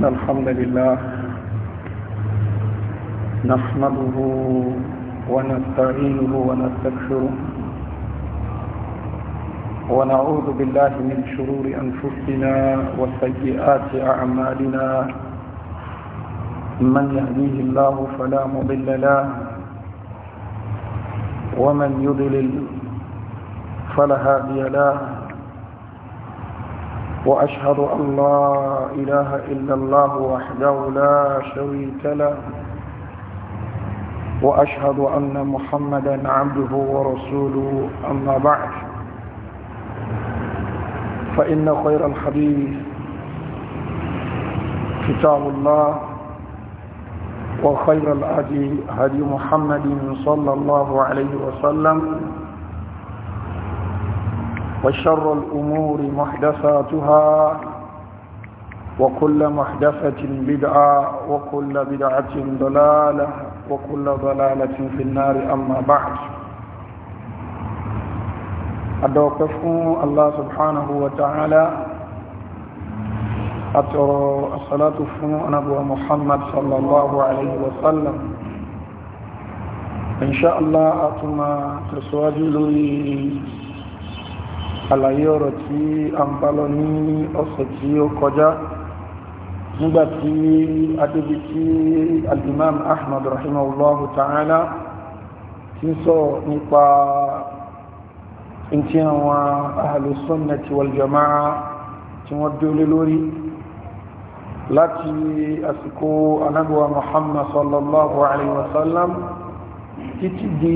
إن الحمد لله نحمده ونستعينه ونستكفره ونعوذ بالله من شرور أنفسنا وسيئات أعمالنا من يهديه الله فلا مضل له ومن يضلل فلا هادي له وأشهد أن لا إله إلا الله وحده لا شريك له وأشهد أن محمدا عبده ورسوله أما بعد فإن خير الحديث كتاب الله وخير الأدي هدي محمد صلى الله عليه وسلم وشر الأمور محدثاتها وكل محدثة بدعة وكل بدعة ضلالة وكل ضلالة في النار أما بعد أدوكفه الله سبحانه وتعالى أترى الصلاة فنو نبو محمد صلى الله عليه وسلم إن شاء الله أتم تسواجي àlàyé ọ̀rọ̀ tí a ń bá lọ ní ọ̀sẹ̀ tí ó kọjá nígbàtí adébi tí al-imam ahmad rahimahullahu ta'ala ti ń sọ nípa ntí àwọn ahlu sunnati wal jama'a tí wọ́n dólé lórí láti àsìkò anábíwá muhammad sallallahu alaihi wasallam sallam títí di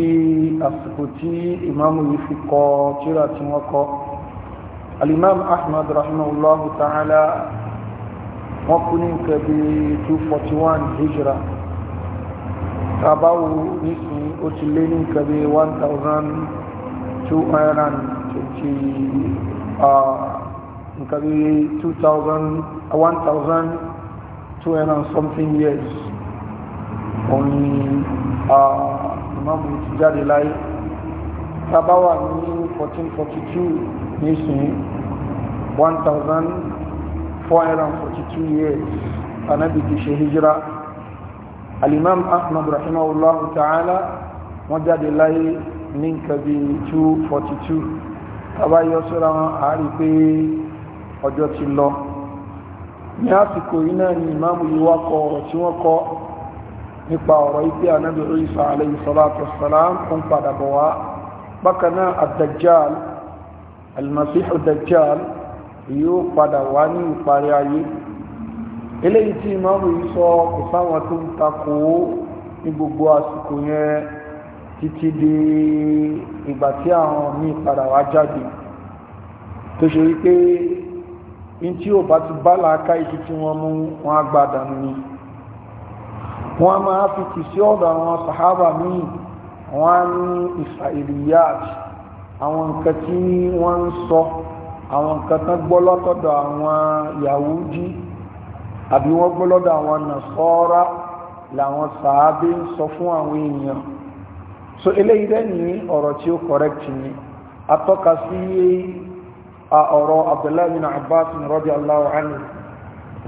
àsìkò tí ìmáàmù yìí fi kọ tírà tí wọ́n kọ alimam ahmad rahimahullahu ta'ala wọ́n kú ní nǹkan bí 241 hijra tàbáwò nísìn ó ti lé ní nǹkan bí 1220 2000 uh, something years òun ni ìmáàmù ti jáde láyé tábà ní 1442 nísìnyí 1442 years anábì ti ṣe hijira alimam ahmad rahimahullahu ta'ala wọ́n jáde láyé ní nǹkan bí 242 tábà yọ síra wọn àárí pé ọjọ́ ti lọ ní àsìkò yìí ni ìmáàmù yìí wá tí wọ́n kọ́ nípa ọ̀rọ̀ ibi anábì Isa alayhi salatu wassalam ń padà bọ̀ wá bákan náà ad-Dajjal al-Masihu ad-Dajjal yóò padà wá ní ìparí ayé eléyìí tí ìmáàmù yìí sọ kò sáwọn tó ń takò ó ní gbogbo àsìkò yẹn títí di ìgbà tí àwọn míì padà wá jáde tó ṣe wípé ní tí ò bá ti bá làákà ìtìtì wọn mú wọn á ni. wọ́n máa fi tì sí ọ̀dọ̀ àwọn sàhábà míì wọ́n ní israeliyat àwọn nǹkan tí wọ́n ń sọ àwọn nǹkan tán gbọ́ lọ́tọ̀dọ̀ àwọn yahudi àbí wọ́n gbọ́ lọ́dọ̀ àwọn nasọ́ra làwọn sàábé ń sọ so eléyìí dẹ́ ní ọ̀rọ̀ tí ó correct ni atọ́ka sí ọ̀rọ̀ abdullahi bin abbas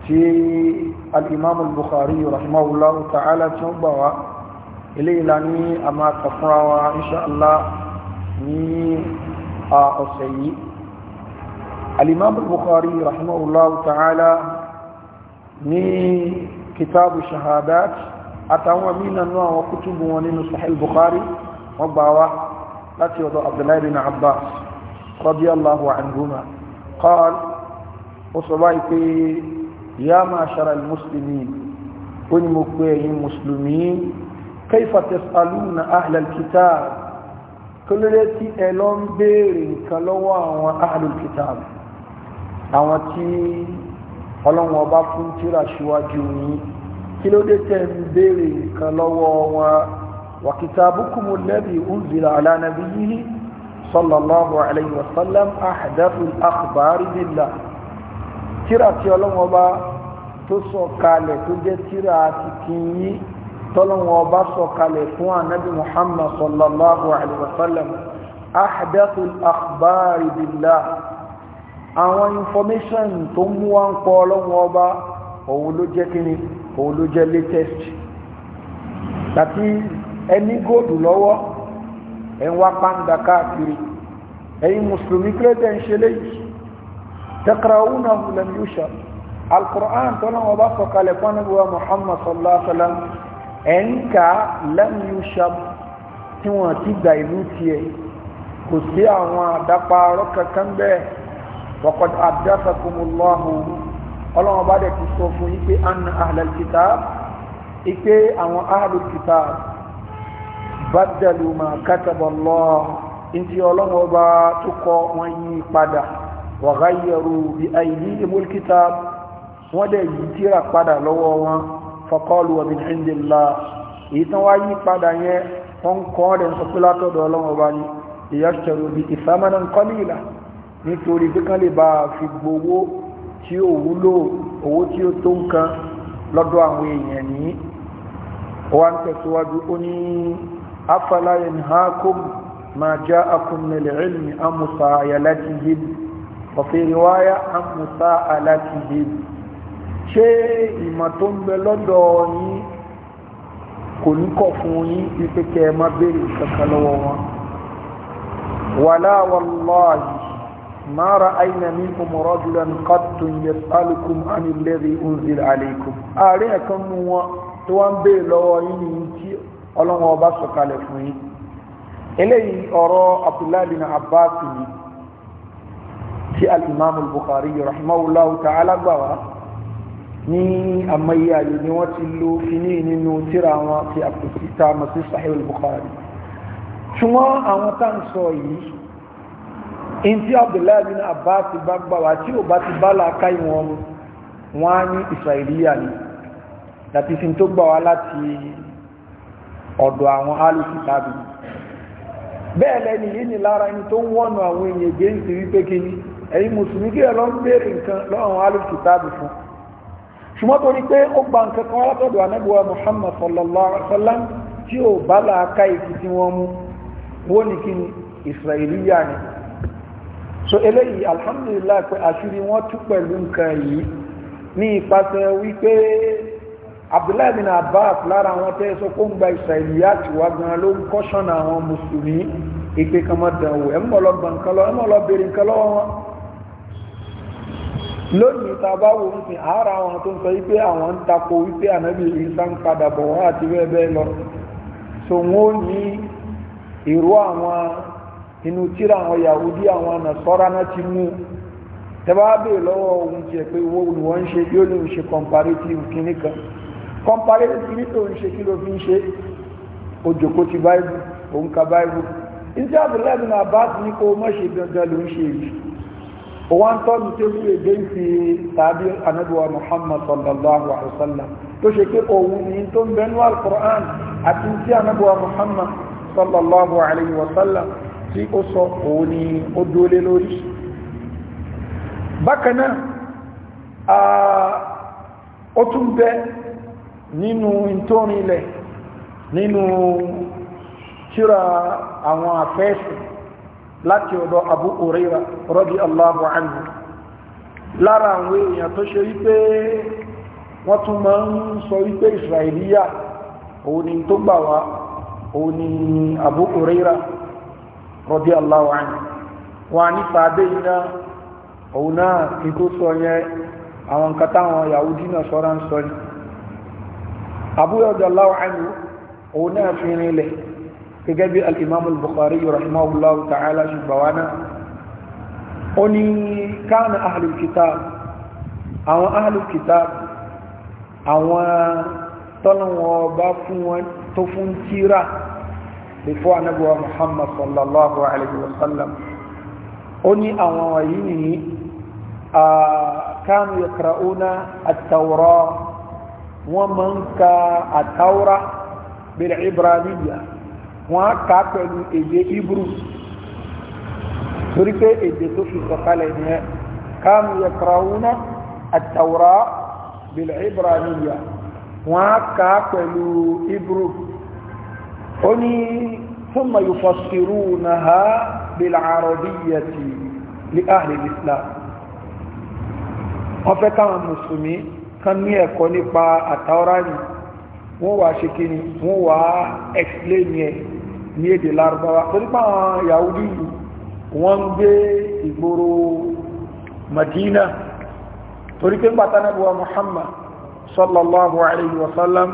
tí al-imam al-bukhari rahimahullahu ta'ala tí ó gbà wá ilé ìlànà a máa kàfúnra wa inṣàlá ní ọ̀sẹ̀ yìí al-imam al-bukhari rahimahullahu ta'ala ní kitabu shahadat àtàwọn mìíràn náà wọn kútùbù wọn nínú sahih bukhari wọ́n gbà wá láti ọ̀dọ̀ abdullahi bin abbas يا معشر المسلمين ونمكوي المسلمين كيف تسألون أهل الكتاب كل التي ألون بيرين كلوا وأهل الكتاب أوتي ọlọ́run ọba fún tíra ṣíwájú yìí kí ló dé tẹ́ ń béèrè nǹkan lọ́wọ́ wọn wa kitabukumu alladhi unzila ala nabiyyihi sallallahu alayhi wa sallam ahdathul akhbari billah tíra tí ọlọ́wọ́n bá tó sọ kalẹ̀ tó jẹ́ tíra ti kìnyí tọ́lọ́wọ́n bá sọ kalẹ̀ fún anabi muhammad sallallahu alayhi wa sallam akhbari billah àwọn information tó mú wa ń pọ̀ ọlọ́wọ́n bá òun ló jẹ́ kíni òun ló jẹ́ latest tàbí ẹni góòdù lọ́wọ́ ẹ̀ ń wá pàǹdà káàkiri تقرؤونه لم يشر القرآن تلوم وبصق لفنه محمد صلى الله عليه وسلم إنك لم يشر tiwọn ti da ìlú tiẹ̀ kò sí àwọn àdáparọ́ kankan bẹ́ẹ̀ wọ́kọ̀ àdásàkùnmùlọ́hù ọlọ́wọ́n bá dẹ̀ ti sọ fún yí pé anna ahlal kitab ipe àwọn ahlul kitab badalu ma kataballah ntí ọlọ́wọ́n bá tó kọ wọn yí padà wàgáyẹrù bí àìní ìmúlkítà wọ́n dẹ̀ yí tíra padà lọ́wọ́ wọn faqalu wa min indillah èyí tán wá yí padà yẹn wọ́n kọ́ rẹ̀ sọ pé látọ̀dọ̀ ọlọ́run ọba ni ìyàṣẹ̀rù bí ìsámánà ń kọ́lé ìlà nítorí pé kán lè ma ja'akum min ilmi an musayalatihi وفي رواية عن مساءلتهم ṣé ìmọ̀ tó ń bẹ lọ́dọ̀ yín kò ní kọ̀ fún yín wípé kẹ ẹ má béèrè kankan lọ́wọ́ wọn wàlá wàláhì ma ra'ayna minkum rajulan qattun yas'alukum ani alladhi unzila alaykum ààrẹ ẹ̀kan mú wọn tó wá ń béèrè lọ́wọ́ yín ní tí ọlọ́wọ́n ọba sọ̀kalẹ̀ fún yín eléyìí ọ̀rọ̀ abdullahi bin abbas ni tí al-imam al-bukhari rahimahullahu ta'ala gbà wá ní àmọ́yé àyè ni wọ́n ti lo kíní nínú tíra wọn ti àpòsíta masu sahih al-bukhari ṣùgbọ́n àwọn tá ń sọ yìí in tí abdullahi bin abbas bá gbà wá tí ò bá ti bá làákà ìwọ̀n mu wọ́n israeliya ni láti fi tó gbà wá láti ọ̀dọ̀ àwọn alùpùpù bẹ́ẹ̀ lẹ́ni yìí ni lára ẹni tó ń wọ́nu àwọn èèyàn gẹ́ǹsì wípé kíní ẹ̀yin mùsùlùmí kí lọ ń béèrè nǹkan lọ́wọ́n alùpùtàbù fún ṣùgbọ́n torí pé ó gba nǹkan kan látọ̀dọ̀ anábíwá Muhammad sallallahu tí ó bá làákà ìkí tí wọ́n mú ní kí ni ni so eléyìí alhamdulillah pé àṣírí wọ́n tú pẹ̀lú nǹkan yìí ní ìpasẹ̀ wípé Abdullahi bin Abbas lára tẹ́ sọ kó ń gba wá gan ló ń kọ́ṣọ́nà àwọn mùsùlùmí ìpè kan mọ́ dànwó ẹ̀mọ́ lọ lọ ẹ̀mọ́ lọ lónìí ta a bá wo nísìn ara wọn tó ń sọ wípé àwọn ń tako wípé ànábì Ìsá padà bọ̀ àti bẹ́ẹ̀ bẹ́ẹ̀ lọ so wọ́n ó ní ìró àwọn inú tíra Yahudi àwọn Nasara náà ti mú tẹ́bá bèè lọ́wọ́ ohun tiẹ̀ pé ni wọ́n ń ṣe lè ń ṣe comparative kìíní kan comparative kìíní tó ń ṣe kí ló fi ń ṣe tí ní ṣe dandan ló ṣe yìí wọ́n tọ́nu tí ó èdè ti tàbí anábíwa muhammad sallallahu alaihi wasallam tó ṣe pé òun ni tó ń bẹnu al-qur'an àti tí anábíwa muhammad sallallahu alaihi wasallam tí ó sọ òun ni ó dólé lórí bákanáà ó tún bẹ nínú ìtòrin ilẹ̀ nínú kíra àwọn afẹ́sìn láti ọ̀dọ̀ Abu Huraira radiyallahu anhu lára àwọn èèyàn tó ṣe wípé wọ́n tún ń sọ wípé Israeliya òun ni tó gbà wá òun ni Abu Rira, radiyallahu anhu wọn ní fàábé iná òun náà kí tó sọ yẹn àwọn nǹkan ń sọ ni Abu radiyallahu anhu òun náà fi gẹ́gẹ́ bí al-imam al-bukhari rahimahullahu ta'ala ṣùgbọ́wánà ó ní káàna ahlul kitab àwọn ahlul kitab àwọn tọ́lọ̀wọ̀ bá fún wọn tó fún tíra before anabuwa muhammad sallallahu alaihi wasallam ó ní àwọn wọ̀nyí ni káàna yakra'una at-tawra wọ́n máa ń ka at bil-ibraniyya wọ́n kà pẹ̀lú èdè hebrew torí pé èdè tó fi sọ̀kalẹ̀ nìyẹn kánú yaqra'una at-tawra bil ibraniyya wọ́n kà pẹ̀lú hebrew ó ní thumma yufassirunaha bil arabiyyati li ahli al-islam wọ́n fẹ́ káwọn mùsùlùmí kan ní nípa àtàwọ́rá ni wọ́n wá ṣe kí ni wọ́n yẹn ní èdè lárúbáwá torí pàwọn yahudi wọ́n ń gbé ìgboro madina torí pé gbàtà nàbíwá muhammad sallallahu alayhi wa sallam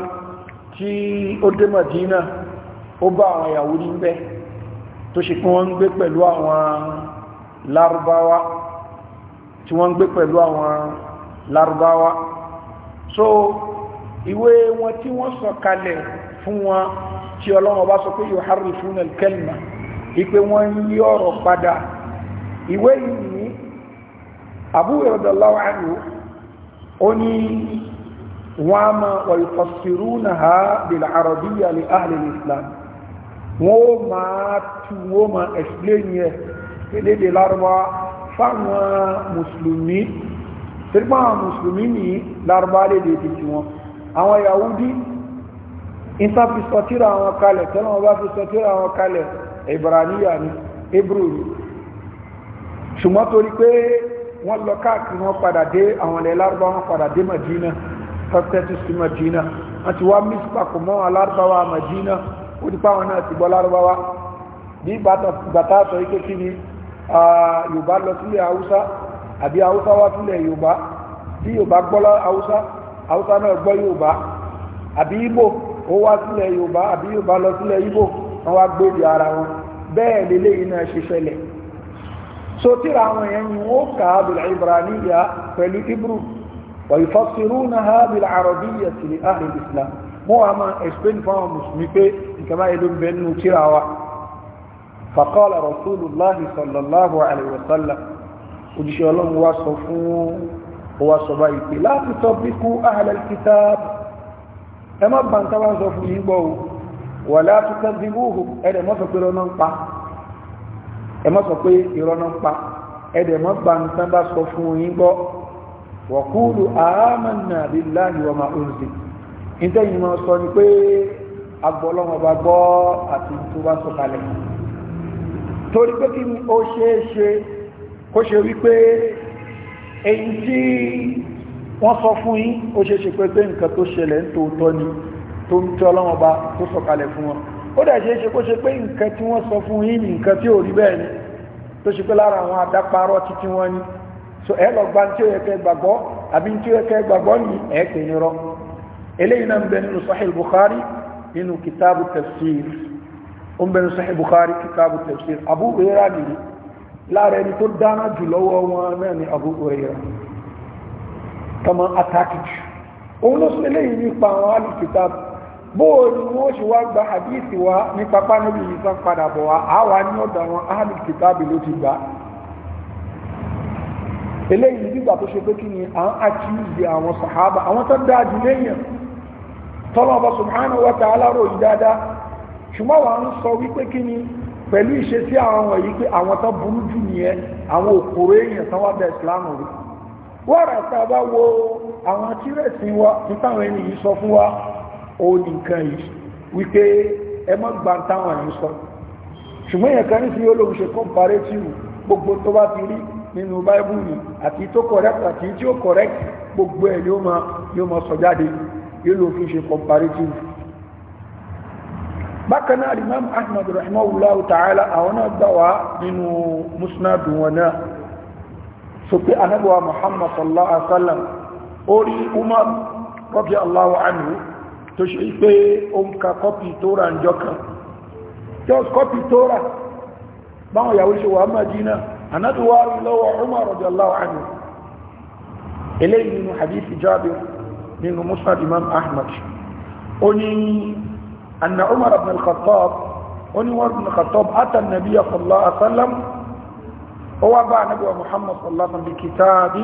tí ó dé madina ó bá àwọn yahudi ń bẹ tó ṣe kí wọ́n gbé pẹ̀lú àwọn lárúbáwá tí wọ́n gbé pẹ̀lú àwọn lárúbáwá so ìwé wọn tí wọ́n sọ kalẹ̀ fún wọn tí ọlọ́run ọba sọ pé yuharrifuna al-kalima ipe wọ́n ń yí ọ̀rọ̀ padà ìwé yìí ní Abu radallahu anhu ó ní wọ́n a máa wa yufassirunaha bil-arabiyya li ahli al-islam wọ́n ó máa tú wọ́n máa explain yẹ lédè lárúbá fáwọn mùsùlùmí tẹ́lifáwọn mùsùlùmí ní lárúbá lédè títí wọn àwọn yahudi ìtàn fi sọ tíra àwọn kalẹ̀ tẹ́lẹ̀ wọn bá fi sọ tíra àwọn kalẹ̀ ìbraniya ni hebrew ni ṣùgbọ́n torí pé wọ́n lọ káàkiri wọn padà dé àwọn ilẹ̀ lárúbáwá wọn padà dé madina tọ́tẹ́tù sí madina wọ́n ti wá mix papọ̀ mọ́ àwọn lárúbáwá madina ó ti pa àwọn náà ti gbọ́ lárúbáwá bí bàtà sọ ike kí ni yorùbá lọ sílẹ̀ haúsá àbí haúsá wá sílẹ̀ yorùbá tí yorùbá gbọ́ haúsá haúsá náà gbọ́ yorùbá àbí ibo ó wá sílẹ̀ yorùbá àbí yorùbá lọ sílẹ̀ Ìgbò wọ́n wá gbèdè ara wọn bẹ́ẹ̀ lélẹ́ iná ṣe ṣẹlẹ̀ so tíra àwọn èèyàn ni wọ́n kà á bìlà ibraniya pẹ̀lú ibru wà ìfọ́sirú na ha bìlà arabiya sí ahli islam wọ́n òjíṣẹ́ ọlọ́run wá sọ fún wa sọ báyìí pé láti tọ́ bí kú ẹ má bá ń tábà sọ fún yín gbọ́ o wà látúkọ́ sí wúhù ẹ̀dẹ̀ mọ́ sọ pé irọ́ ń pa ẹ má sọ pé irọ́ ń pa ẹ̀dẹ̀ mọ́ bá ń tábà sọ fún yín gbọ́ wa qulu amanna billahi wa ma unzil sọ ni pé agbọ́lọ́mọba gbọ́ àti tó bá sọ kalẹ̀ torí pé kí ni ó ṣeé ṣe kó ṣe wípé èyí tí wọ́n sọ fún yín ó ṣe ṣe pé pé nǹkan tó ṣẹlẹ̀ ń tòótọ́ ni tó ń tọ́ ọlọ́wọ́n bá tó sọ̀kalẹ̀ fún wọn ó dẹ̀ ṣe ṣe pé nǹkan tí wọ́n sọ fún yín nǹkan tí ò rí bẹ́ẹ̀ ni tó ṣe pé lára àwọn adáparọ́ títí wọn ni so ẹ lọ gba tí ó yẹ kẹ́ gbàgbọ́ àbí tí ó yẹ ni Bukhari nínú kitabu tafsir ó ń Bukhari kitabu tafsir Abu Hurairah nìyí lára ẹni tó dáná jù lọ́wọ́ wọn náà ni Abu Hurairah kama atakìtì òun ló sún eléyìí nípa àwọn alùpùpù bóò ni wọ́n ṣe wá gba hadithi wa ní pápá níbi yìí sán padà bọ̀ wá àwa ní ọ̀dọ̀ àwọn alùpùpù ló ti gbà eléyìí nígbà tó ṣe pé kí ni à ń àkíyèsí àwọn sàhábà àwọn tó dáa jù léyìn tọ́lọ́ ọba subhanahu wa ta'ala ròyìn dáadáa ṣùgbọ́n wà ń sọ wípé kí ni pẹ̀lú ìṣesí àwọn wọ̀nyí pé àwọn tó burú jù nìyẹn àwọn òkúrò èèyàn tán wá bẹ̀ ìsìlámù rí wọ́rà tàbá wo àwọn tírẹ̀sì wa nítàwọn ẹni yìí sọ fún wa ó ní nǹkan yìí wípé ẹ mọ́ gbà táwọn ẹni sọ ṣùgbọ́n èèyàn kan ní sí olóhùn ṣe comparative gbogbo tó bá ti rí nínú báíbùlù àti tó correct àti tí ó correct gbogbo ẹ̀ yóò máa yóò máa sọ jáde yóò lò ṣe comparative ta'ala àwọn náà gbà wá nínú so pé anábọ̀wà muhammad sallallahu alaihi wasallam orí umar rọ́bí allahu anhu tó ṣe pé o ń ka kọ́pì tó rà ń jọ kan just kọ́pì tó rà báwọn yàwó ṣe wà Madina anábọ̀wà lọ́wọ́ umar rọ́bí allahu anhu eléyìí nínú hadithi jabir nínú musnad imam ahmad ó ní anna ó wá bá ànábì wa muhammad sallallahu alaihi kìtàbí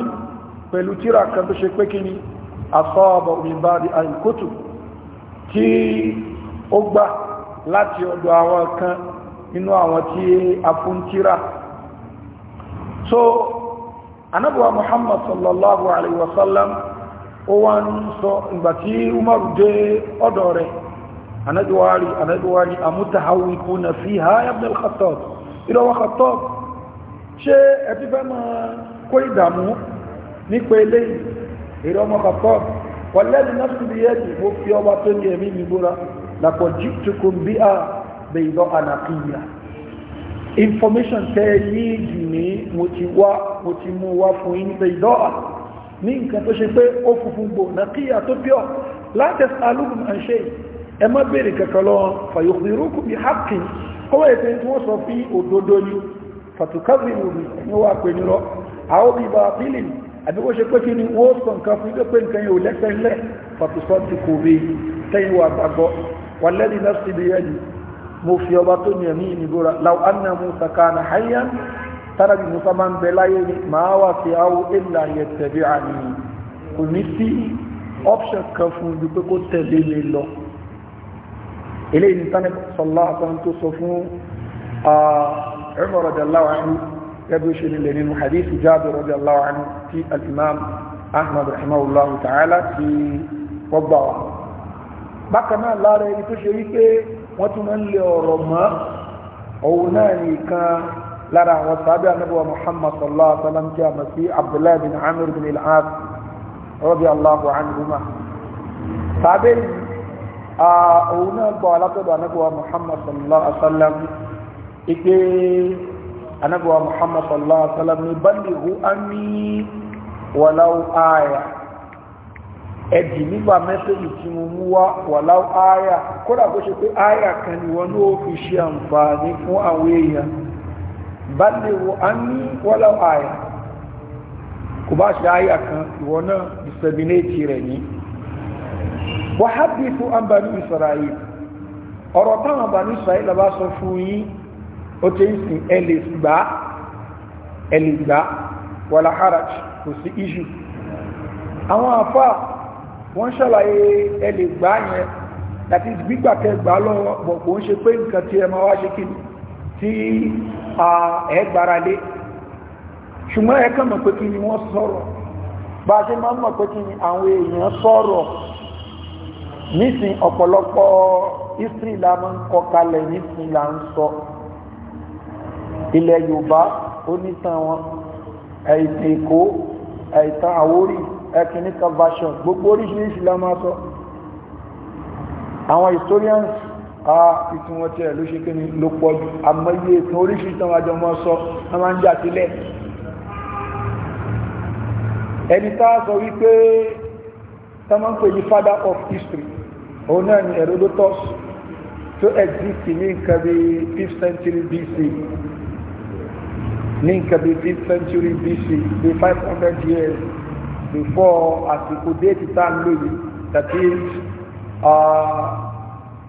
pẹ̀lú tíra kan tó ṣe pé kí ni asaba min ba'di al-kutub tí ó gbà láti ọ̀dọ̀ àwọn kan nínú àwọn tí a fún tíra so ànábì wa muhammad sallallahu alaihi wasallam ó wá ń sọ ìgbà tí umaru dé ọ̀dọ̀ rẹ̀ ànábì wa rí ànábì wa rí amutahawikuna fiha ṣé ẹtí fẹ́ mọ́ kó ìdààmú nípa eléyìí èrè ọmọ kọ̀kọ́ wọlẹ́ni náà sì bí ẹ̀jì mo fi ọba tó ní ẹ̀mí mi búra làpọ̀ jí tukùn bí a bẹ̀ ìlọ ànàkìyà information tẹ́ ní ìdì ní mo ti wá mo ti mú wá fún yín bẹ̀ ìlọ à ní nǹkan tó ṣe pé ó funfun gbò nàkìyà tó pure láti alùpùpù à ń ṣe ẹ má béèrè kankan lọ fàyòkùnrin rúkùn bí kọ́wọ́ ìpè tí wọ́n òdodo ni fàtùkàbìrù rí ní wà pé nírọ́ àwọn bí bá bílì àbí wọ́n ṣe pé kí ni wọ́n sọ nǹkan fún ilé pé nǹkan yóò lẹ́sẹ̀ lẹ́ fàtùsọ́ ti kò rí tẹ́yìn wà gbàgbọ́ wà lẹ́ni náà sí bíi ẹni mo fi ọba tó ní ẹ̀mí ìnibora láwọn anna musa kana hayyan tára bí musa máa ń bẹ láyé ni màá wà sí àwọn èlà yẹn tẹ̀lé àmì kò ní sí option kan fún ibi pé kó tẹ̀lé mi lọ eléyìí ní tánẹ́bù sọ̀lá àtàwọn Umar radiyallahu anhu gẹ́gẹ́ ṣe nílẹ̀ nínú hadith Jabir radiyallahu anhu ti al-imam Ahmad rahimahullahu ta'ala ti wọ́gbà wa bákan náà lára ẹni tó ṣe wípé wọ́n tún máa ń lé ọ̀rọ̀ mọ́ òun náà nìkan lára àwọn sábẹ́ anábọ̀ Muhammad sallallahu alaihi wa sallam tí a mọ̀ sí Abdullahi bin Amir bin al-As radiyallahu anhuma sábẹ́ òun náà gbọ́ alátọ́dọ̀ anábọ̀ Muhammad sallallahu alaihi wa sallam ipe anabiwa muhammad sallallahu alaihi wasallam ni balighu anni walau aya ẹ̀dì nígbà mẹ́sẹ̀jì tí mo mú wá walau aya kódà bó ṣe pé aya kan ni wọn ó fi ṣe àǹfààní fún àwọn èèyàn balighu anni walau aya kò bá ṣe aya kan ìwọ náà disseminate rẹ̀ ní wàhádìí fún ambani israel ọ̀rọ̀ táwọn ambani israel bá sọ fún yín ó tẹ́ ìsìn ẹlẹ́ ìgbà ẹlẹ́ ìgbà wàlá haraj kò sí iṣu àwọn àfà wọ́n ṣàlàyé ẹlẹ́ ìgbà yẹn láti gbígbà kẹgbà lọ́wọ́ kò ń ṣe pé nǹkan tí ẹ máa wá ṣe kìí tí ẹ ṣùgbọ́n ẹ mọ̀ pé kí ni wọ́n sọ̀rọ̀ bá ṣe máa mọ̀ pé kí ni àwọn èèyàn sọ̀rọ̀ nísìn ọ̀pọ̀lọpọ̀ history la máa nísìn là sọ ilẹ̀ yorùbá ó nítàn wọn ẹ̀ìtàn èkó ẹ̀ìtàn àwórì ẹ̀kìní kan version gbogbo oríṣiríṣi la máa sọ àwọn historians a ìtún wọn tiẹ̀ ló ṣe kíni ló pọ̀ jù àmọ́ iye ìtàn oríṣiríṣi táwọn àjọ máa sọ wọ́n máa ń jà sílẹ̀ ẹni tá a sọ wípé tọ́mọ́ ń pè ní father of history òun náà ni Herodotus tó exist ní nǹkan bí 5th century BC ní nǹkan fifth century BC the 500 years before àsìkò déètì tá à ń that is uh,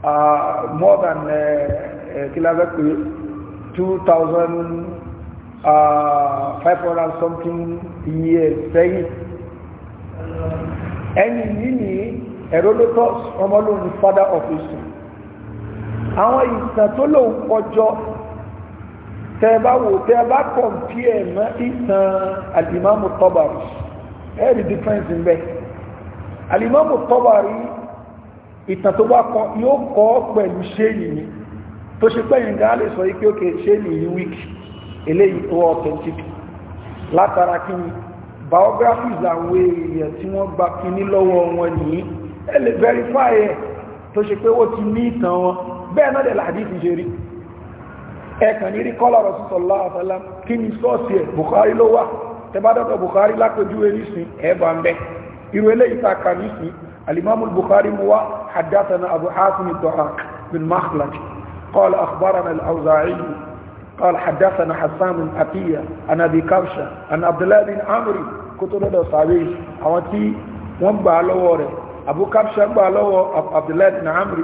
uh, more than uh, uh, kí la fẹ́ two thousand uh, five hundred something years Say, ẹni yìí ni Herodotus ọmọlóhùn father of history àwọn ìtàn tó lòun tẹ́ bá wò tẹ́ bá kọ̀m̀pìẹ̀ mọ́ ìtàn alìmọ́mù tọ́bàrí ẹ̀rì difference ń bẹ alìmọ́mù tọ́bàrí ìtàn tó bá kọ yóò kọ́ pẹ̀lú ṣéèlì ni tó ṣe pẹ́yìn gan lè sọ ike òkè ṣéèlì yìí wíkì eléyìí tó authentic látara kí ni biographies àwọn èèyàn tí wọ́n gba kíní lọ́wọ́ wọn nìyí ẹ lè verify ẹ̀ tó ṣe pé ó ti ní ìtàn wọn bẹ́ẹ̀ náà dẹ̀ làdí ìfìṣe rí ẹ̀kàn ní rí kọ́lá rọ̀sùsọ̀lá àfẹ́lá kí ni sọ́ọ̀sì ẹ̀ Bukhari ló wà tẹbádọ́dọ̀ Bukhari lápẹjú erísìn ẹ̀bà ń bẹ́ irú eléyìí ta kà nísìn alimamu Bukhari mu wá haddathana abu hatim ad-dahhak bin makhlad qala akhbarana al-awza'i قال حدثنا حسان بن عطية عن عبد الله بن عمرو كتب له صحابي أوتي وان بالوره أبو كبشة بالوره عبد الله بن عمرو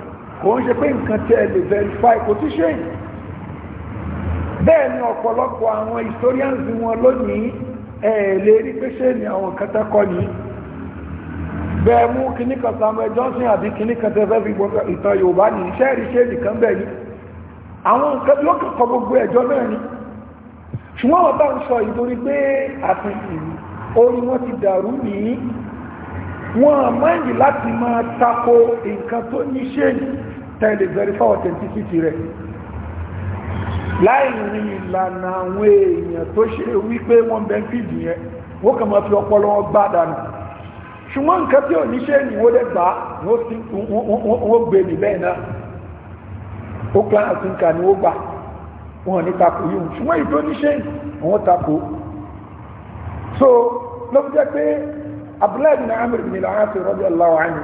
kò ń ṣe pé nǹkan tí ẹ lè verify kò tí ṣe bẹ́ẹ̀ ni ọ̀pọ̀lọpọ̀ àwọn historians wọn lónìí ẹ lè rí pé ṣe ni àwọn nǹkan tẹ́ kọ́ ni bẹ́ẹ̀ mú kíní kan Samuel Johnson àbí kíní kan tẹ́ fi gbọ́ ìtàn Yorùbá ní iṣẹ́ rí ṣe nìkan bẹ́ẹ̀ ni àwọn nǹkan yóò kọ́kọ́ gbogbo ẹ̀jọ́ náà ni ṣùgbọ́n wọn bá ń sọ ìtorí pé àtìsí orí wọn ti dàrú nìyí wọn máa ń yìí láti máa tako nǹkan tó ní ṣe nìyí tẹ́lẹ̀ verify authenticity rẹ̀ láì rí ìlànà àwọn èèyàn tó ṣe wípé wọ́n bẹ́ ń fìdí yẹn wọ́n kàn máa fi ọpọlọ wọn gbá dànù ṣùgbọ́n nǹkan tí ò ní ṣe ìwó dẹ̀ gbà wọ́n gbé ní bẹ́ẹ̀ náà ó plan àti nǹkan ni ó gbà wọn ní takò yìí ṣùgbọ́n ìtò ní ṣe àwọn takò so ló fi jẹ́ pé Abdullahi bin Amr bin al-As radiyallahu anhu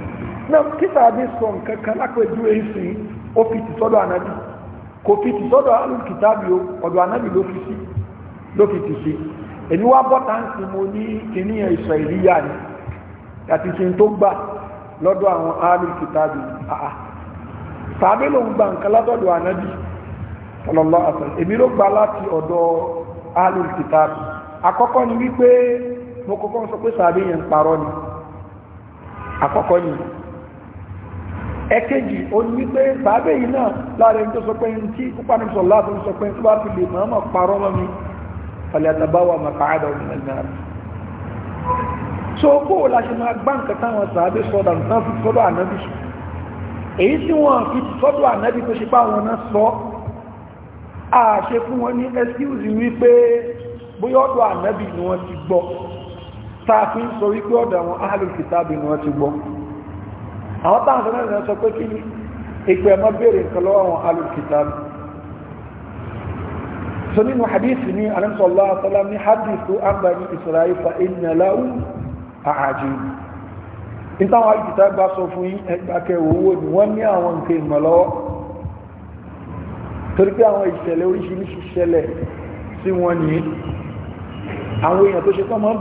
náà kíta bí sọ nǹkan kan lápẹjú èsìn ó fi ti sọ́dọ̀ ànábì kò fi ti sọ́dọ̀ alùkìtàbí ọ̀dọ̀ ànábì ló fi sí ló fi ti sí èmi wá bọ́ta ń sin mo ní kíní ìsọ̀ ìlíyà ni àti kí n tó gbà lọ́dọ̀ àwọn alùkìtàbí àà tàbí ló ń gba nǹkan látọ̀dọ̀ ànábì sallallahu alaihi wasallam èmi ló gba láti ọ̀dọ̀ alùkìtàbí àkọ́kọ́ ni wípé mo kọ́kọ́ sọ pé sàbí yẹn parọ́ ni àkọ́kọ́ ni ẹ̀kejì ó ní pé sàábẹ̀ yìí náà láàrin tó sọ pé ń tí púpà ní sọ láàbù sọ pé tó bá fi lè mọ́mọ́ parọ́ mọ́ mi falẹ̀ àtàbáwà màkàádà òmìnira náà so kó o láṣẹ máa gbá nǹkan táwọn sàábẹ̀ sọ́dà nǹkan fi sọ́dọ̀ ànábì èyí tí wọ́n fi sọ́dọ̀ ànábì tó ṣe páwọn náà sọ sọ wípé ọ̀dọ̀ àwọn ahlul ni wọ́n ti gbọ́ àwọn táwọn sọ náà sọ pé kí ni ìpè ẹmọ béèrè nǹkan lọ́wọ́ àwọn alùkìtà so nínú hadith ni alamsọ̀lá àtàlá ní hadithu ambani israel fa ìnàláwù àjì ìtàwọn alùkìtà gbá sọ fún yí ẹgbà kẹwòwò ni wọ́n ní àwọn nǹkan ìmọ̀lọ́wọ́ torí pé àwọn ìṣẹ̀lẹ̀ oríṣiríṣi ṣẹlẹ̀ sí wọn ní àwọn èèyàn tó ṣe tán máa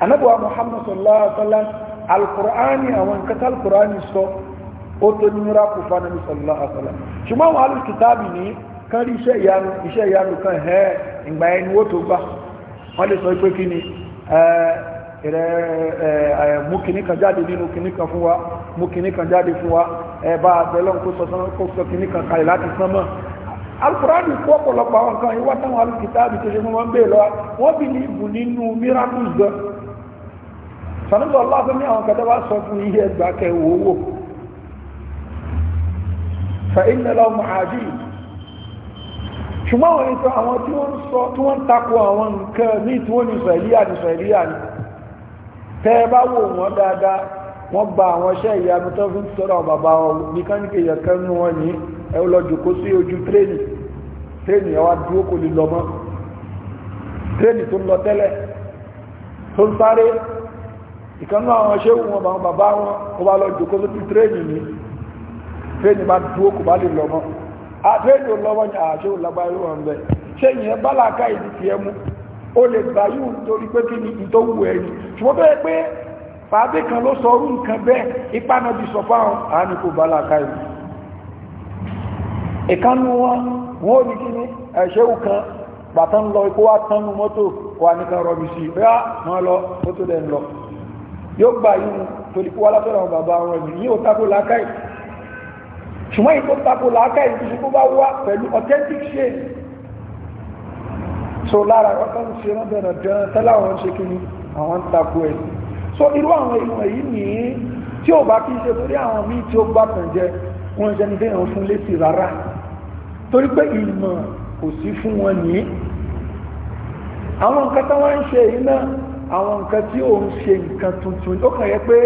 anábọ̀wá muhammad sallallahu alaihi wasallam alukur'ani àwọn kata alukur'ani sọ ó tó ní múra kó fa nàbí sallallahu alaihi wasallam ṣùgbọ́n àwọn alukitaabi ní kan rí iṣẹ́ ìyanu iṣẹ́ ìyanu kan hẹ́ ìgbà ẹni wó tó gbà wọ́n lè sọ pé kí ni mú kìíní kan jáde nínú kìíní kan fún wa mú kìíní kan jáde fún wa ẹ̀bá àbẹ̀lọ́n kó sọ kó sọ kìíní kan kalẹ̀ láti sán mọ́ alukurani kó ọ̀pọ̀lọpọ̀ àwọn kan ìwá táwọn alukitaabi tó ṣe fún wọn bẹ́ẹ̀ lọ wọ́n bí ní ibù nínú míránù gan sanúbọ̀ ọlọ́pẹ́ ní àwọn kẹtẹ́wà sọ fún ihe ẹgbà kẹwò owó fa ìnàlọ́ mọ̀hájì ṣùgbọ́n wọ́n sọ àwọn tí wọ́n sọ tí wọ́n takò àwọn nǹkan ní tí wọ́n ní sọ̀ẹ̀líyà ní sọ̀ẹ̀líyà ní tẹ́ bá wò wọ́n dáadáa wọ́n gba àwọn iṣẹ́ ìyanu tó fi ń sọ́rọ̀ bàbá wọn nìkan ní kéèyàn kan nú wọn ní ẹ lọ jòkó sí ojú tréènì tréènì ẹ wá dúró kò lè lọ mọ́ tréènì tó ń lọ tẹ́lẹ̀ tó ń sáré ìkanú àwọn ṣéwù wọn bàwọn bàbá wọn ó bá lọ jòkó lójú tírẹ́nì ní tírẹ́nì bá dúó kò bá lè lọ mọ́ àtírẹ́nì ò lọ́wọ́ ní àṣéwù lágbáyé wọn bẹ̀ ṣé ìyẹn bá ìdí tiẹ̀ mú ó lè gbà yóò torí pé kí ni tó wù ẹni ṣùgbọ́n bẹ́ẹ̀ pé fàábé kan ló sọ orú nǹkan bẹ́ẹ̀ ipá náà bí sọ fáwọn àánì kò bá làákà ìdí ìkanú wọn wọn ò ní kí ni ẹ̀ṣẹ́wù kan bàtán lọ ikú wa tánu mọ́tò wà nìkan rọ̀bì sí yóò gbà yìí torí kó wá látọ̀rọ̀ àwọn bàbá wọn ẹ̀mí yóò tako làákàyè ṣùgbọ́n yìí tó tako làákàyè tó bá wá pẹ̀lú authentic shade so lára wọn tó ń ṣe wọn bẹ̀rẹ̀ dán tẹ́lẹ̀ àwọn ṣe kí ni àwọn ń tako ẹ̀ so irú àwọn ìwọ̀n yìí nìyí tí ó bá kí ṣe torí àwọn míì tí ó gbà tàn jẹ wọn jẹ ní bẹ́ẹ̀ fún létí rárá torí pé ìmọ̀ kò sí fún wọn nìyí àwọn nǹkan táwọn ń ṣe yìí náà àwọn nǹkan tí ó ń ṣe nǹkan tuntun ó kàn yẹ pé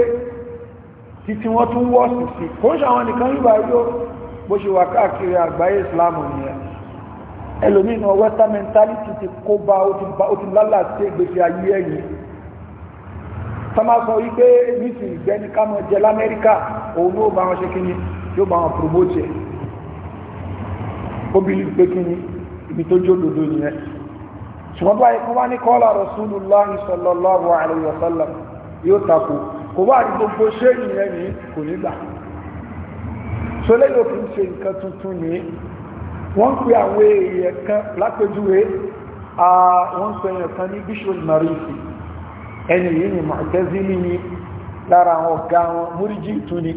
títí wọ́n tún wọ́ọ̀sì sí kò ń ṣe àwọn nìkan yíba rí ó bó ṣe wà káàkiri àgbáyé ìsìláàmù nìyẹn ẹlòmínà western mentality ti kó bá ó ti lálà sí ìgbésí ayé ẹ̀yìn tọ́má sọ wípé nísì ìgbẹ́ni ká mọ̀ jẹ lamẹ́ríkà òun ló bá wọn ṣe kíní yóò bá wọn promote ẹ̀ ó bí pé kíní ibi tó jó dodo nìyẹn ṣùgbọ́n báyìí kó wá ní kọ́lá Rasulullahi sallallahu alaihi wa sallam yóò tako kò bá ní gbogbo ṣé ìyẹn ní kò ní gbà so lẹ́yìn òfin ṣe nǹkan tuntun ní wọ́n pe àwọn èèyàn kan lápẹjúwe wọ́n èèyàn kan ní bishop marisi ẹni yìí ni Mu'tazili ni lára àwọn ọ̀gá wọn múríjì tún ni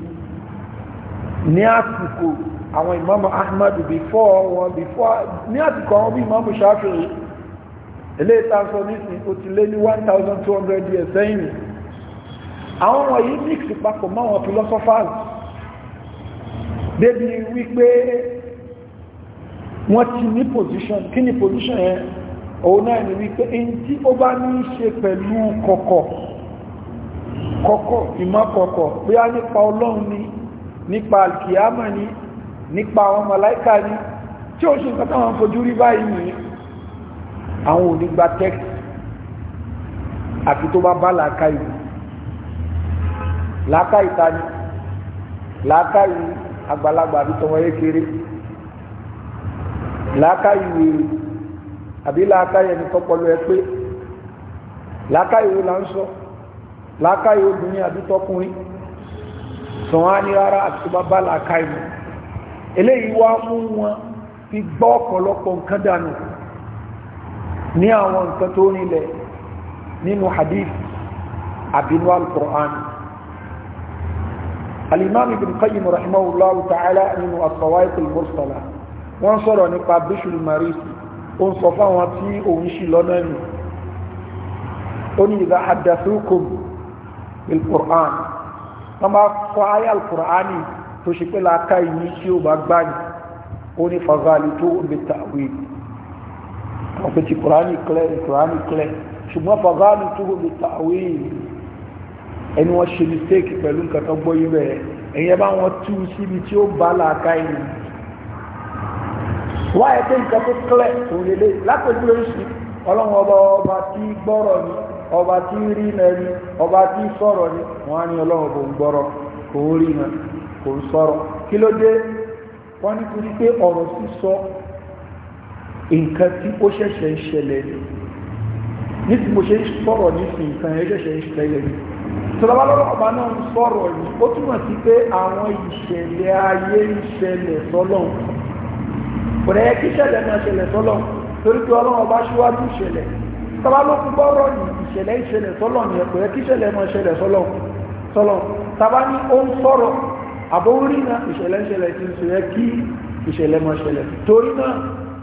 ní àsìkò àwọn Imam Ahmad before wọn before ní àsìkò àwọn bí Imam Shafi'i ilé ìtàṣọ nísìn ó ti lé ní 1200 years sẹ́yìn àwọn wọ̀nyí mix papọ̀ máwọn philosophers débi wípé wọ́n ti ní position kí ni position yẹn òun náà ni wípé èyí tí ó bá ní ṣe pẹ̀lú kọ̀kọ̀ kọ̀kọ̀ ìmọ̀kọ̀kọ̀ bí a nípa ọlọ́run ni nípa alkiyama ni nípa àwọn màláíkà ni tí ó ṣe nǹkan táwọn fojú rí báyìí nìyí àwọn ò ní gba text àti tó bá bá làákà ìlú làákà ìta ni làákà ìlú àgbàlagbà àbí tọmọ kékeré làákà ìwé àbí làákà ẹni tọpọlọ ẹ pé làákà ìwé là ń sọ làákà ìwé obìnrin àbí tọkùnrin sàn á ní rárá àti tó bá bá làákà ìlú eléyìí wá mú wọn fi gbọ́ ọ̀pọ̀lọpọ̀ nǹkan dànù ní àwọn nǹkan tó nílẹ̀ nínú hadith àbínú al-Qur'an al-Imam Ibn Qayyim rahimahullahu ta'ala nínú as-Sawa'iq al-Mursala wọ́n sọ̀rọ̀ nípa bishul marisi ó ń sọ fáwọn tí òun ṣì lọ́nà ẹ̀mí ó ní idha haddathukum bil-Qur'an wọ́n bá fọ́ ayé al-Qur'an tó ṣe pé láàká ìní tí ó bá gbáyìí ó ní fàzálì tó ń bẹ wọ́n pé ti kùránì clear kùránì clear ṣùgbọ́n fàgánì túbọ̀ lè ta àwé ẹni wọ́n ṣe mistake pẹ̀lú nǹkan tó gbọ́ ibẹ̀ ẹ̀yẹ bá wọn tú síbi tí ó bá làákà yìí wá ẹ pé nǹkan tó clear òun lè lé lápẹ̀jú lóṣù ọlọ́run ọba ọba tí gbọ́rọ̀ ni ọba tí rí na ni ọba tí sọ̀rọ̀ ni wọ́n á ní ọlọ́run kò ń gbọ́rọ̀ kò ń rí na kò ń sọ̀rọ̀ kí ló dé wọ́n ní torí pé ọ̀rọ̀ sísọ nǹkan tí ó ṣẹ̀ṣẹ̀ ń ṣẹlẹ̀ ni ní tí mo ṣe ń sọ̀rọ̀ ní sí nǹkan ẹ̀ ṣẹ̀ṣẹ̀ ń ṣẹlẹ̀ ni tọ́lọ́wọ́ lọ́rọ̀ ọba náà ń sọ̀rọ̀ ni ó túmọ̀ sí pé àwọn ìṣẹ̀lẹ̀ ayé ń ṣẹlẹ̀ sọ́lọ́n kò rẹ̀ kí ìṣẹ̀lẹ̀ náà ṣẹlẹ̀ sọ́lọ́n torí pé ọlọ́run ọba ṣíwájú ìṣẹ̀lẹ̀ tọ́lọ́wọ́ ìṣẹ̀lẹ̀ ìṣẹ̀lẹ̀ ń sọ yẹ kí ìṣẹ̀lẹ̀ máa ṣẹlẹ̀ torí náà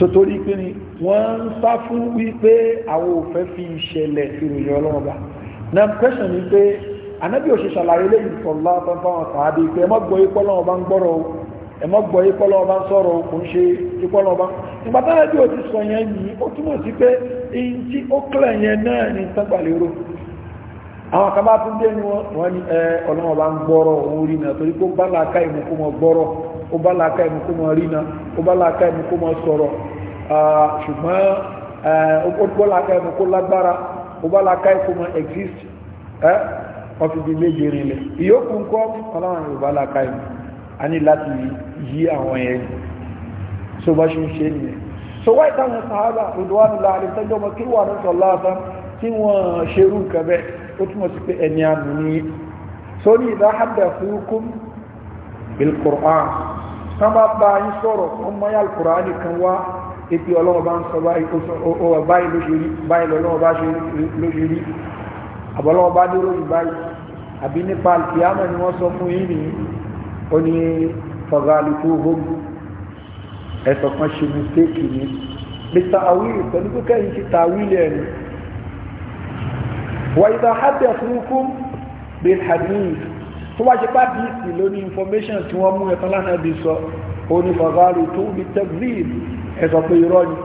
sotori pé ni wọ́n ń sá fún wípé àwọn òfẹ́ fi ìṣẹ̀lẹ̀ ìròyìn ọlọ́ọ̀bá na question ni pé anábì ò ṣe ṣàlàyé lẹ́yìn sọ̀lá fọ́nfọ́n tàbí pé ẹ má gbọ́ ipọ́ lọ́wọ́ bá ń gbọ́rọ̀ o ẹ má gbọ́ ipọ́ lọ́wọ́ bá ń sọ̀rọ̀ o kò ń ṣe ipọ́ lọ́wọ́ bá nígbà táwọn ẹbí ò ti sọ yẹn yìí ó túmọ̀ sí pé èyí tí ó kílẹ̀ yẹn náà ni tán àwọn kan bá tún dé ní wọn ní ẹ ọlọ́wọ́ bá ń gbọ́rọ̀ òun rí náà torí kó bá làákà ìmú kó mọ gbọ́rọ̀ ó bá làákà ìmú kó mọ rí náà ó bá làákà ìmú kó mọ sọ̀rọ̀ ṣùgbọ́n ó bá ìmú kó lágbára ó bá làákà ìmú kó mọ exist ẹ ọfi di méje rinlẹ̀ ìyókù ńkọ́ ọlọ́wọ́ yóò bá làákà ìmú a ní láti yí àwọn yẹn tó bá ṣe ó túnmọ̀ sí pé ẹni àmì ní sórí ìdáhàdà fúnkún bilkùrán tán bá bá yín sọ̀rọ̀ ọmọ yà alkùrán nìkan wá ètò ọlọ́wọ́ bá ń sọ báyìí lọ́wọ́ bá ṣe lóṣèrí mistake ni mr awiri pẹ̀lú pé kẹ́yìn ti ta awiri ẹni wà ìdá hábẹ̀ fúnkún bí hadith tó wá ṣe pàdé ìsìn lórí information tí wọ́n mú ẹ̀tọ́ lánàá bí sọ ó ní fàgárì tó bí tẹ́gbìl ẹ̀sọ̀ pé irọ́ ni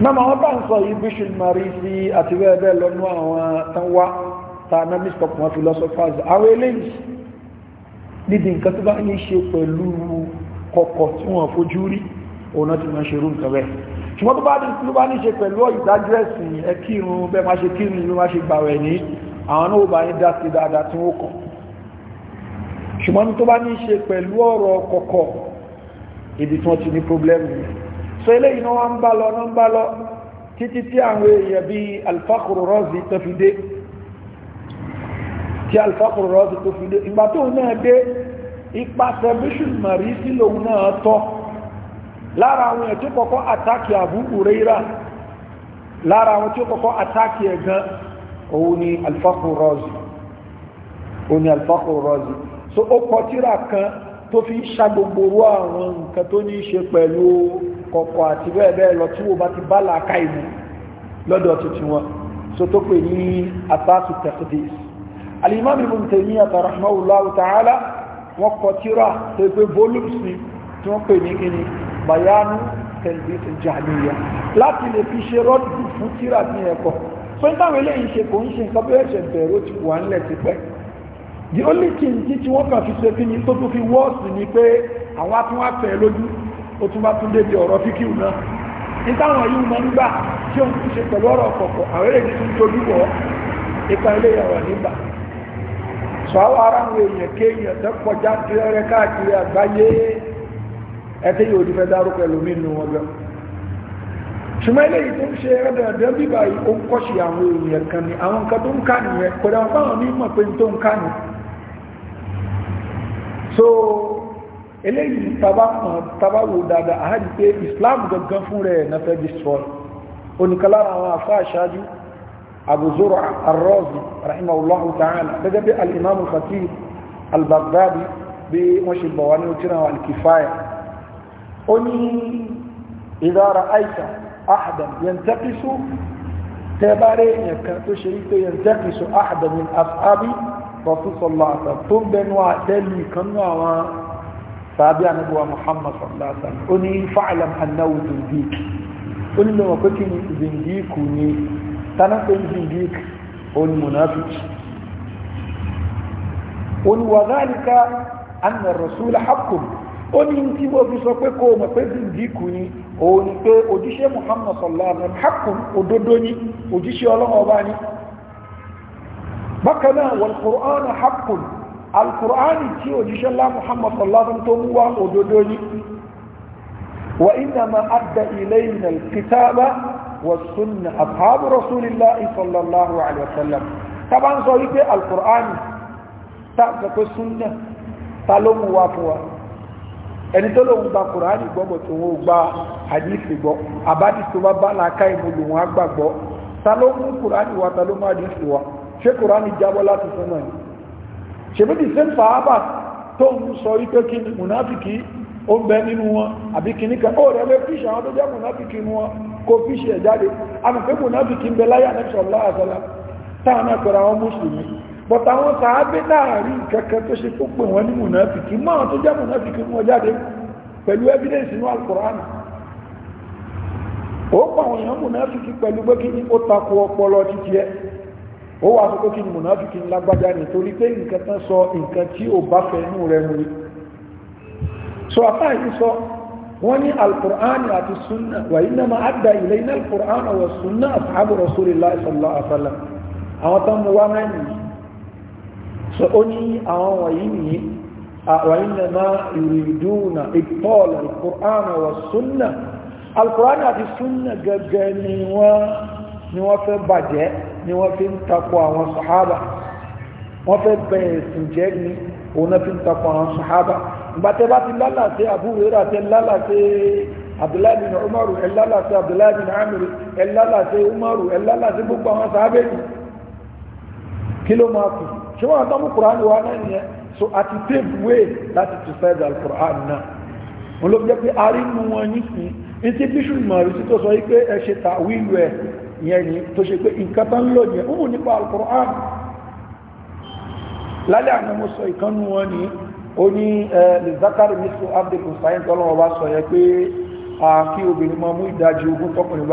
náà wọ́n bá ń sọ yìí bí ṣùgbọ́n sí àti bẹ́ẹ̀ bẹ́ẹ̀ àwọn tán wá ṣùgbọ́n tó bá ní ló bá ní ṣe pẹ̀lú ìdájọ́ ẹ̀sìn ẹ kírun bẹ́ẹ̀ máa ṣe kírun ló máa ṣe gbàwẹ̀ ní àwọn náà bá ní dá sí dáadáa tí wọ́n kàn ṣùgbọ́n tó bá ní ṣe pẹ̀lú ọ̀rọ̀ kọ̀kọ̀ ibi tí wọ́n ti ní pọ́blẹ́mù yẹn so eléyìí náà wọ́n ń bá lọ náà ń bá lọ títí tí àwọn èèyàn bí alfakuru tó fi dé tí tó náà dé ipa tẹ̀bíṣùn màrí sí náà tọ́ lára àwọn ètò kọ́kọ́ àtàkì Abu Huraira lára àwọn tí ó kọ́kọ́ àtàkì ẹ̀ gan òun ni al-Fakhru so ó kọ tírà kan tó fi ṣa gbogbo orú àwọn nǹkan tó ní í ṣe pẹ̀lú kọ̀kọ̀ àti bẹ́ẹ̀ lọ tí wọ́n bá ti bá làákà ìmú lọ́dọ̀ tuntun wọn so tó pè ní àtàkì taqdis al-Imam Ibn Taymiyyah rahimahullahu ta'ala wọ́n kọ tírà tó bayanu tẹ̀lifí jahiliya láti lè fi ṣe rọ́dù fún tíra ní ẹ̀kọ́ so nítawọn eléyìí ṣe kò ń ṣe nǹkan bí ẹ̀ṣẹ̀ bẹ̀rù ti wà ńlẹ̀ ti pẹ́ the only thing tí tí wọ́n kàn fi ṣe kí ni tó tún fi wọ́ọ̀sì ni pé àwọn atúnwá fẹ́ lójú ó tún bá tún débi ọ̀rọ̀ fíkìú náà nítawọn yìí mọ́ ń gbà tí òun ti ṣe pẹ̀lú ọ̀rọ̀ kọ̀kọ̀ àwọn eléyìí tún dojú wọ̀ ipa eléyìí ọ̀rọ̀ nígbà sọ àwọn aráwọ̀ èèyàn kéèyàn tó kọjá kiri káàkiri àgbáyé ẹ̀tẹ́ yóò di fẹ́ dárúkọ ẹlòmí nù wọn gan ṣùgbọ́n eléyìí tó ń ṣe ẹ̀dẹ̀ẹ̀dẹ̀ bíbá yìí ó ń kọ́ṣì àwọn èèyàn kan ní àwọn nǹkan tó ń ká nìyẹn pẹ̀lú àwọn fáwọn mímọ̀ pé tó ń ká nì so eléyìí tabawo dáadáa àhádi pé Islam gangan fún rẹ̀ na fẹ́ destroy oníkalára àwọn afá àṣáájú Abu Zur'a ar-Razi rahimahullahu ta'ala gẹ́gẹ́ bí al-Imam al-Khatib al oni idara aita ahadan yantakisu tẹbárẹ èèyàn kan tó ṣe wípé yantakisu ahadan min asabi rasul sallallahu alaihi wasallam tó ń bẹnu àtẹlù ìkanú àwọn sàbí anabuwa muhammad sallallahu alaihi wasallam oni fa'alam annahu zindik oni lè wọn pẹ́kì ní zindiku ni tánà pé zindik oni munafiki oni wa zalika anna rasula haqqun ó ní tí mo fi sọ pé kó o mọ̀ pé zindikù ni òun ni pé òjíṣẹ́ muhammad sallallahu alaihi wasallam hakùn òdodo ni òjíṣẹ́ ọlọ́run ọba ni bákan náà wal qur'an hakùn alqur'an tí òjíṣẹ́ ńlá muhammad sallallahu alaihi wasallam tó mú ń sọ wípé alqur'an tá a sọ pé sunna ta ló mú wá fún wa ẹni tó lóun gba kùránì gbọ́gbọ̀ tó wọ́n gba àdìsí gbọ́ àbádìsí tó bá bá làákà ìmúlò wọn àgbàgbọ́ ta ló mú kùránì wa ta ló mú àdìsí wa ṣé kùránì jábọ́ láti fún náà ṣèbídì sí fàábà tó ń sọ wípé kí ni mùnáfìkì ó ń bẹ nínú wọn àbí kí ní kan ó rẹ̀ wé fíṣì àwọn tó jẹ́ mùnáfìkì wọn kó fíṣì ẹ̀ jáde àmì pé mùnáfìkì ń bẹ láyà ní sọ̀rọ̀ láàzọ́lá táwọn náà pẹ̀lú àwọn mùsùlùmí bọ̀tà àwọn sàábé láàrí kankan tó ṣe tó pè wọ́n ní mùnáfìkì máa tó jẹ́ mùnáfìkì mú ọjáde pẹ̀lú evidence inú alkùránì ó pa àwọn èèyàn mùnáfìkì pẹ̀lú pé kí ni ó takò ọpọlọ títí ẹ ó wà sọ kí ni mùnáfìkì lágbájá ni torí pé nǹkan tán sọ nǹkan tí ò bá fẹ́ inú rẹ̀ mú so àtà yìí sọ wọ́n ní alkùránì àti sunna wà iná máa àdá ilẹ̀ iná alkùránì wà sunna àti àbúrò sórí láìsọ̀lá àfàlà àwọn tán mú wá náà so ó ní àwọn wọ̀nyí nìyí وإنما يريدون إبطال القرآن والسنة القرآن àti súnnà gẹ́gẹ́ ni wọ́n fẹ́ bàjẹ́ ni wọ́n fi ń takò àwọn sàhábà wọ́n fẹ́ bẹ̀rẹ̀ sí jẹ́ ní òun náà fi ń takò àwọn sàhábà ìgbàtẹ́ bá ti lálàtẹ́ àbúrẹ́rà tẹ́ lálàtẹ́ Abdullahi bin Umaru ẹ lálàtẹ́ Abdullahi bin Amir ẹ lálàtẹ́ Umaru ẹ lálàtẹ́ kí ló máa kù ṣé wọ́n tán mú kùránì wá náà nìyẹn so àti pave way láti criticize al-Qur'an náà wọn ló jẹ́ pé a rí mú wọn nísìnyí ní tí bíṣù mọ̀rí sí tó sọ wípé ẹ ṣe tàwílù ẹ̀ yẹn ni tó ṣe pé nǹkan tán lò yẹn ń wù nípa al lálẹ́ àná mo sọ ìkànnù wọn ni ó ní lè zakari misu abdul hussein tọ́lọ́wọ́ bá sọ yẹ pé a kí obìnrin máa mú ìdajì ogún tọkùnrin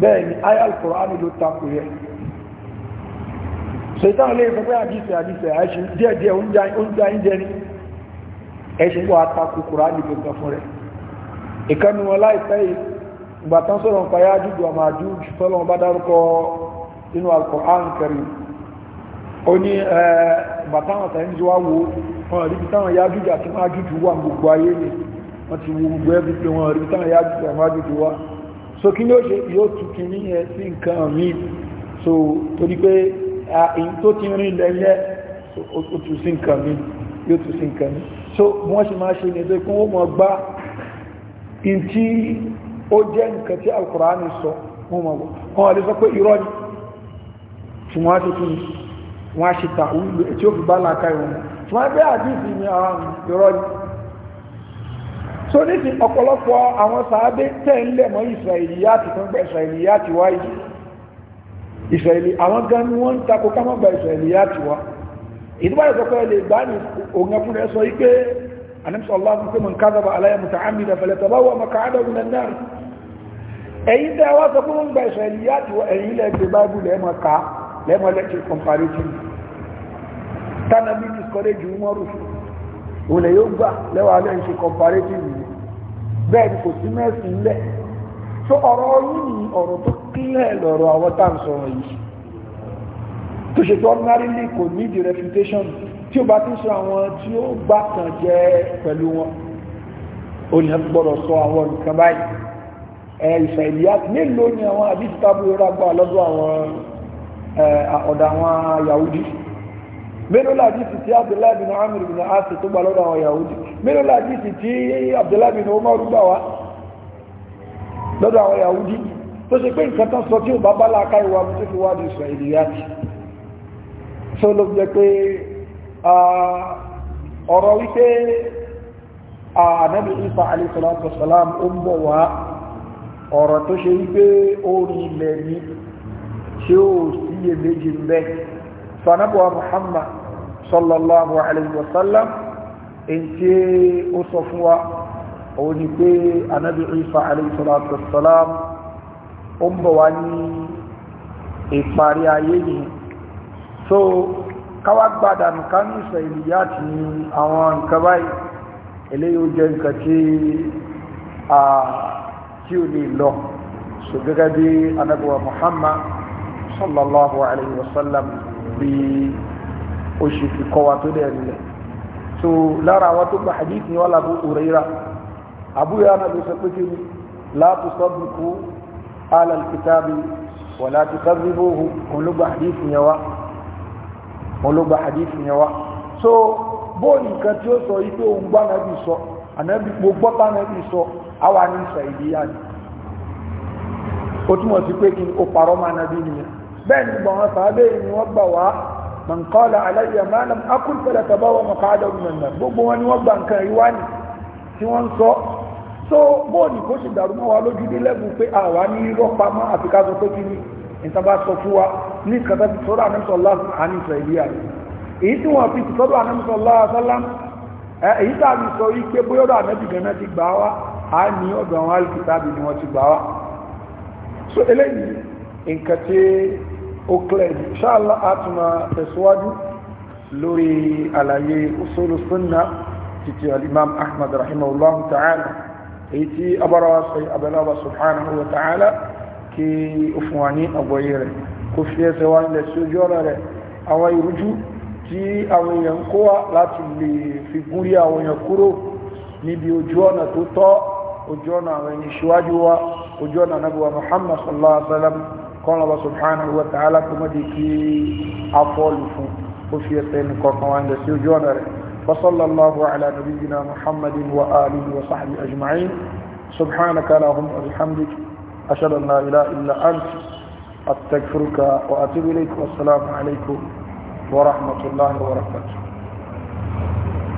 bẹ́ẹ̀ ni ayé alkùránì ló takò yẹ ṣètàn lè fẹ́ pé àdíṣẹ́ àdíṣẹ́ àṣì díẹ̀díẹ̀ oúnjẹ oúnjẹ ní ẹṣin wà takò kùránì gbogbo fún rẹ̀ ìkanu wọn láìpẹ́ ìgbà tán sọ̀rọ̀ ń payá jújù àmà jújù tọ́lọ́ bá dárúkọ inú alkùránì kẹrin ó ní ìgbà táwọn tàyẹ̀ wá wo wọn rí bí wọ́n ti wo gbogbo ẹbí wọn rí bí táwọn yájújù àmájújù wà so kí ló ṣe yóò tukí ní ẹ sí nǹkan mi so torí pé àìyí tó ti rìn lẹ́yẹ ó tù sí nǹkan mi yóò tù sí nǹkan mi so wọ́n ṣe máa ṣe nìyẹn kí wọ́n mọ̀ gbá in tí ó jẹ́ nǹkan tí alkùránì sọ wọ́n mọ̀ wọ́n lè sọ pé irọ́ ni tí wọ́n á ṣe tún wọ́n á ṣe tàwí tí ó fi bá làákà ìwọ̀n so ní ti ọ̀pọ̀lọpọ̀ àwọn sàábé tẹ́ ń lẹ̀ mọ́ ìsìràìlìyàtì tó ń gba ìsìràìlìyàtì wá yìí ìsìràìlì àwọn gan ni wọ́n ń takò ká má gba ìsìràìlìyàtì wá ìdúbà ìsọ̀kọ́ lè gbá ní òun fún ẹsọ wípé anamsọ́lá fún pé mọ̀ ń kázaba aláyà mùtà àmìlà fẹ̀lẹ̀tà bá wà mọ̀ká wá sọ fún gba ìsìràìlìyàtì wá òun lè yóò gbà lẹ́wàá náà ń ṣe comparative yìí bẹ́ẹ̀ ni kò sí mẹ́sìn lẹ̀ so ọ̀rọ̀ yìí ni ọ̀rọ̀ tó kílẹ̀ lọ̀rọ̀ àwọn tá à ń sọ̀rọ̀ yìí tó ṣe tó ordinarily kò ní the refutation tí ó bá ti sọ àwọn tí ó gbà kan jẹ pẹ̀lú wọn ó ní gbọ́dọ̀ sọ àwọn nǹkan báyìí ẹ̀ ìfẹ̀ ìlíyà mélòó ni àwọn àbí tábìlì rà gbà lọ́dọ̀ àwọn ọ̀dọ̀ àwọn Yahudi mélòó làdísì tí abdullahi bin amir bin asi tó gbà lọ́dọ̀ àwọn yahudi mélòó làdísì tí abdullahi bin umar gbà wá lọ́dọ̀ àwọn yahudi tó ṣe pé nǹkan tán sọ tí ò bá bá láàká ìwà mú tó fi wá di israeli yáti tó ló jẹ pé ọ̀rọ̀ wípé ànábì isa alayhi salatu wasalam ó ń bọ̀ wá ọ̀rọ̀ tó ṣe wípé ó rí ilẹ̀ ní tí ó sì yẹ méjì ń bẹ́ẹ̀ sanabuwa muhammad sallallahu alayhi wa sallam èyí ó sọ fún wa òun ni pé anabi isa alayhi salatu wa salam ó ń bọ̀ wá ní ìparí ayé yìí so káwá gbádà nǹkan ní ìsẹ̀lìyà àti àwọn nǹkan báyìí eléyìí ó jẹ́ nǹkan a tí ò lè lọ so gẹ́gẹ́ bí anabi wa muhammad sallallahu alayhi wa sallam bíi oṣù fi kọ́ wa tó dẹ̀ rinlẹ̀ so lára àwọn tó gba hadith ni wọ́n lábú òrera àbúyá náà ló sọ pé kí ni láti sọ́bìkú alàlùkítàbí wà láti sọ́bìbóhu òun ló hadith yẹn wá so bóòlù nǹkan tí ó sọ yìí pé òun gbá náà bí sọ ànábì gbogbo bá náà bí sọ àwa ní sàìdíyà ni ó túmọ̀ sí pé kí ni ó parọ́ máa náà nìyẹn bẹ́ẹ̀ ni gbọ̀n wọn sàábẹ́ ni wọ́n gbà wá man qala alayya ma lam aqul fala tabawa maq'adahu minan nar gbogbo wọn ni wọ́n gba nǹkan ìwá ni tí wọ́n ń sọ so bóòlù kó sì dàrú mọ́ wa lójú dé lẹ́bùn pé àwa ní irọ́ pamọ́ àfi ká sọ pé kí ni ìtaba sọ fún wa ní ìkàtà ti sọ́dọ̀ ànámsọ̀ láàrín àní ìsraẹ̀líà èyí tí wọ́n fi ti sọ́dọ̀ ànámsọ̀ láàrín èyí tá a fi sọ yí pé bóyá ọ̀dọ̀ ànábì gan náà ti gbà wá a ní ọ̀dọ̀ àwọn alìkìtàbì ni wọ́n ti gbà wá so eléyìí nǹkan tí ó clẹ̀dì ṣáàlá àtúnmà tẹ̀síwájú lórí àlàyé usulu sunna títí alimam ahmad rahimahullahu ta'ala èyí tí abarawa sọ abẹ́láwà subhanahu wa ta'ala kí ó fún wa ní àgbọ́yé rẹ̀ kó fi ẹsẹ̀ wá ilẹ̀ sí ojú ọ̀rọ̀ rẹ̀ àwọn ìrújú tí àwọn èèyàn kó wá láti lè fi gúnrí àwọn èèyàn kúrò níbi ojú ọ̀nà tó tọ́ ojú ọ̀nà àwọn ẹni ṣíwájú wa ojú ọ̀nà nabuwa muhammad sallallahu alaihi wasallam قال الله سبحانه وتعالى كما ديكي أفول خفيتين كوكو عند سيجونر فصلى الله على نبينا محمد وآله وصحبه أجمعين سبحانك اللهم وبحمدك أشهد أن لا إله إلا أنت أستغفرك وأتوب إليك والسلام عليكم ورحمة الله وبركاته